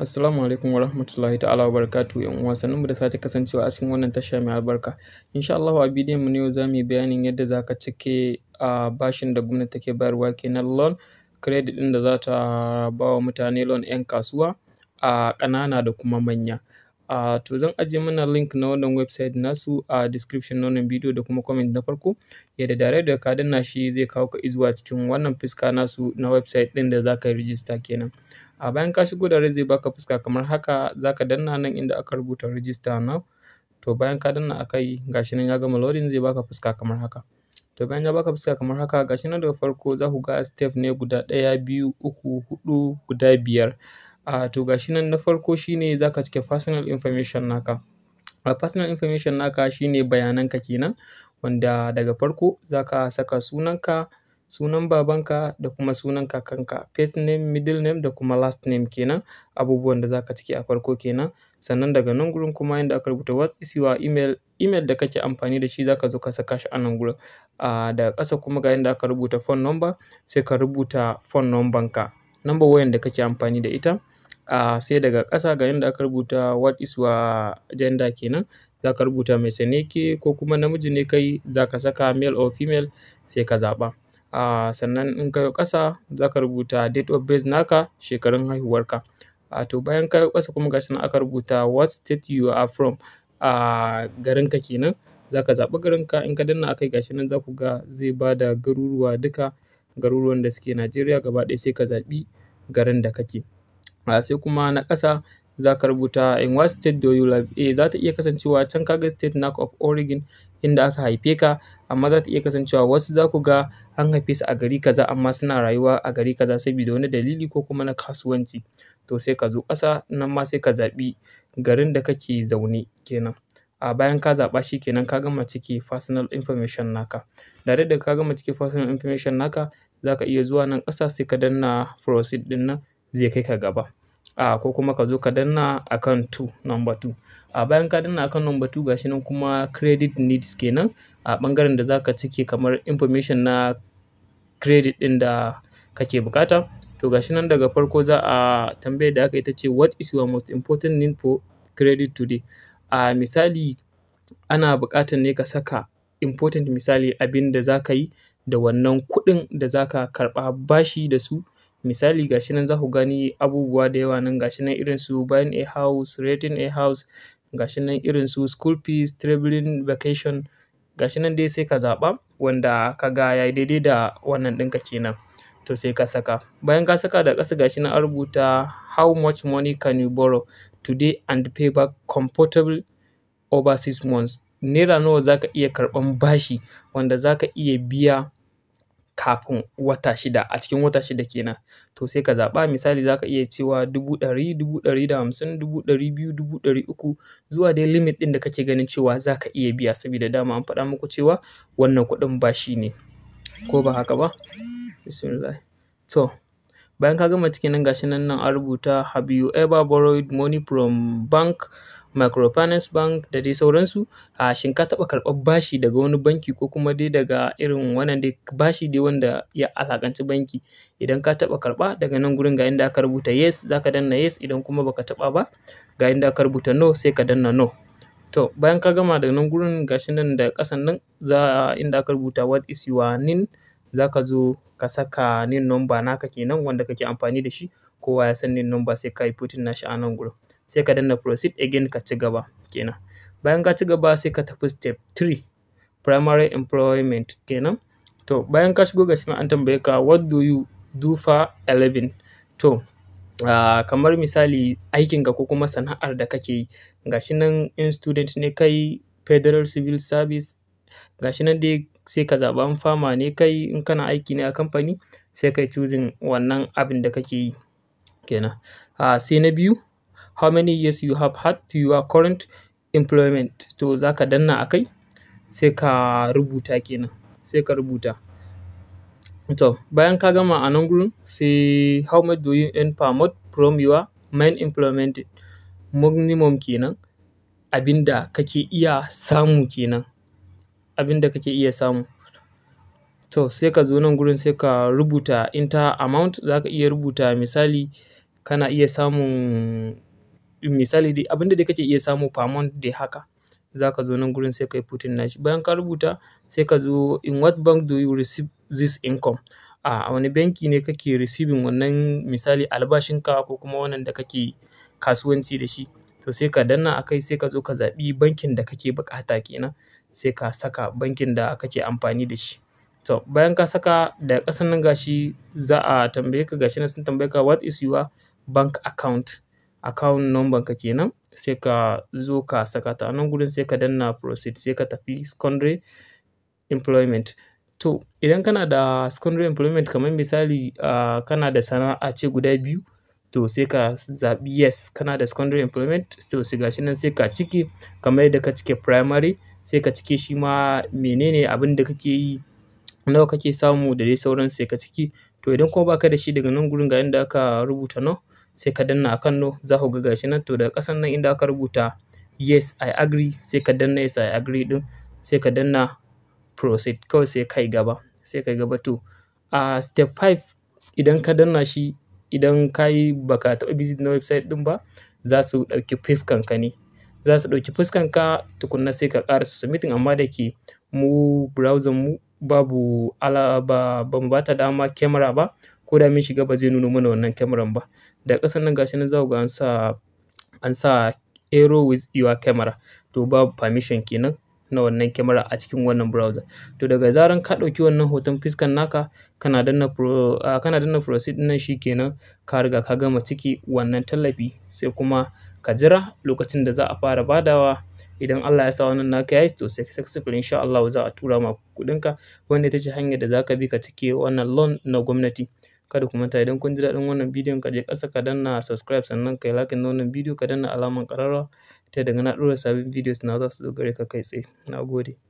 Assalamu alaikum warahmatullahi ta'ala wa barakatu yan uwa sannu da sake kasancewa a cikin wannan tasha mai albarka. Insha Allah a bidiyon mu ne yau zamu yi bayanin yadda zaka cike a bashin da gwamnati take bayarwa kenan loan credit din da za ta ba wa mutane loan yan kasuwa a ƙanana da kuma manya. a to zan ajiye mana link na wannan website nasu a description na wannan bidiyo da kuma comment na farko yadda direct da ka danna shi zai kawo ka izuwa cikin wannan fuska nasu na website din da zaka yi register kenan a bayan ka shigo da zai baka fuska kamar haka zaka danna nan inda aka rubuta register na? to bayan ka danna akai gashi nan ya gama loading zai baka fuska kamar haka to bayan ya baka fuska kamar haka gashi nan daga farko za ku ga step ne guda ɗaya biyu uku huɗu guda biyar a to gashi nan na farko shine zaka cike personal information naka a personal information naka shine ka kenan wanda daga farko zaka saka sunanka sunan babanka da kuma sunan kakanka first name middle name da kuma last name kenan abubuwan da zaka ciki a farko kenan sannan daga nan gurin kuma yanda aka rubuta what is your email email da kake amfani da shi zaka zo ka saka shi a nan gurin uh, daga ƙasa kuma ga yanda aka rubuta phone number sai ka rubuta phone number ka number wayan da kake amfani da ita uh, sai daga ƙasa ga yanda aka rubuta what is your gender kenan zaka rubuta mai ne ke ko kuma namiji ne kai zaka saka male or female sai ka zaba. Uh, sannan in ka yi ƙasa za ka rubuta date of birth naka shekarun haihuwarka uh, to bayan ka yi ƙasa kuma gashi na aka rubuta what state you are from uh, garinka kenan za ka zaɓi garinka in ka danna akai gashi nan za ku ga zai ba da garuruwa duka garuruwan da suke Najeriya gaba ɗaya sai ka zaɓi garin da kake uh, sai kuma na ƙasa za ka rubuta in what state do you live eh, za ta iya kasancewa can kaga state naka of origin inda aka haife ka amma za ta iya kasancewa wasu za ku ga an haife su a gari kaza amma suna rayuwa a gari kaza saboda wani dalili ko kuma na kasuwanci to sai ka zo ƙasa nan ma sai ka zaɓi garin da kake zaune kenan a bayan ka zaɓa shi kenan ka gama cike personal information naka tare da ka gama cike personal information naka zaka iya zuwa nan ƙasa sai ka danna proceed ɗin nan zai kai ka gaba a ko kuma ka zo ka danna akan 2 number 2 a bayan ka danna akan number 2 gashi nan kuma credit needs kenan a bangaren da zaka cike kamar information na credit din da kake bukata to gashi nan daga farko za a tambaye da aka ita ce what is your most important need for credit today a misali ana buƙatar ne ka saka important misali abin da zaka yi da wannan kuɗin da zaka ka karɓa bashi da su misali gashi nan za ku gani abubuwa da yawa nan gashi nan irin su buying a house renting a house gashi nan irin su school fees traveling vacation gashi nan dai sai ka zaɓa wanda ka ga ya daidai da wannan ɗinka kenan to sai ka saka bayan ka saka da ƙasa gashi nan an rubuta how much money can you borrow today and pay back comfortable over six months naira nawa zaka iya karɓan bashi wanda zaka iya biya kafin wata shida a cikin wata shida kenan to sai ka zaɓa misali zaka iya cewa dubu ɗari dubu ɗari da hamsin dubu ɗari biyu dubu ɗari uku zuwa dai limit ɗin da kake ganin cewa zaka iya biya saboda dama an faɗa muku cewa wannan kuɗin ba shi ne ko ba haka ba bismillah to bayan ka gama cikin nan gashi nan nan an rubuta have you ever borrowed money from bank microfinance bank da dai sauransu a shin ka taɓa karɓar bashi daga wani banki ko kuma dai daga irin wannan dai bashi dai wanda ya alakanci banki idan ka taɓa karɓa daga nan gurin ga inda aka rubuta yes zaka danna yes idan kuma baka taɓa ba ga inda aka rubuta no sai ka danna no to bayan ka gama daga nan gurin ga shi nan da ƙasan nan za inda aka rubuta what is your name za ka zo ka saka nin number naka kenan wanda kake amfani da shi kowa ya san nin number sai ka yi putin nashi a nan gurin sai ka danna proceed again ka ci gaba kenan bayan ka ci gaba sai ka tafi step 3 primary employment kenan to bayan ka shigo shi an tambaye ka what do you do for a to uh, kamar misali aikinka ko kuma sana'ar da kake yi gashi nan in student ne kai federal civil service gashi nan dai sai ka zaɓa fama ne kai in kana aiki ne a kamfani sai kai choosing wannan abin da kake yi kenan uh, sai na biyu how many years you have had to your current employment to za ka danna a kai sai ka rubuta kenan sai ka rubuta to bayan ka gama a nan gurin sai how much do you earn per month from your main employment minimum kenan abinda kake iya samu kenan abinda kake iya samu to sai ka zo nan gurin sai ka rubuta inter amount za ka iya rubuta misali kana iya samun misali dai abinda da kake iya samu famon da dai haka za ka zo nan gurin sai ka yi putin nashi bayan ka rubuta sai ka zo in what bank do you receive this income a wani banki ne kake receiving wannan misali albashin ka ko kuma wannan da kake kasuwanci da shi to sai ka danna a kai sai ka zo ka zaɓi bankin da kake bukata kenan sai ka saka bankin da kake amfani da shi to bayan ka saka da ƙasan nan gashi za a tambaye ka gashi na sun tambaye ka what is your bank account account number ka kenan sai ka zo ka saka ta nan gurin sai ka danna proceed sai ka tafi secondary employment to idan kana da secondary employment kamar misali uh, kana da sana'a ce guda biyu to sai ka zaɓi yes kana da secondary employment to sai gashi nan sai ka cike kamar yadda ka cike primary sai ka cike shi ma menene abin da kake yi nawa kake samu da dai sauran sai ka ciki to idan kuma baka da shi daga nan gurin ga da aka rubuta nan sai ka danna akan no za ku ga gashi nan to daga ƙasan nan inda aka rubuta yes i agree sai ka danna yes i agree din sai ka danna proceed kawai sai kai gaba sai kai gaba to a step 5 idan ka danna shi idan ka baka taɓa visit na website din ba za su ɗauki ka ne za su ɗauki ka tukunna sai ka ƙara su submitting amma da ke mu browser mu babu ala ba ba mu bata dama camera ba ko da mun shiga ba zai nuno mana wannan kyamaran ba da ƙasan nan gashi nan za ku ga an sa an sa with your camera to ba permission kenan na wannan kyamara a cikin wannan browser to daga zaran ka ɗauki wannan hoton fiskan naka kana danna pro kana danna proceed nan kenan ka riga ka gama ciki wannan tallafi sai kuma ka jira lokacin da za a fara badawa idan Allah ya sa wannan naka yayi to sai successful insha Allah za a tura ma kuɗinka wanda ta ce hanyar da zaka bi ka cike wannan loan na gwamnati Kada ku manta idan kun ji daɗin wannan bidiyon ka je ƙasa ka danna subscribe sannan ka yi like na wannan bidiyo ka danna alamar ƙararrawa ta daga na ɗora sabbin videos na za su zo gare ka kai tsaye. Na gode.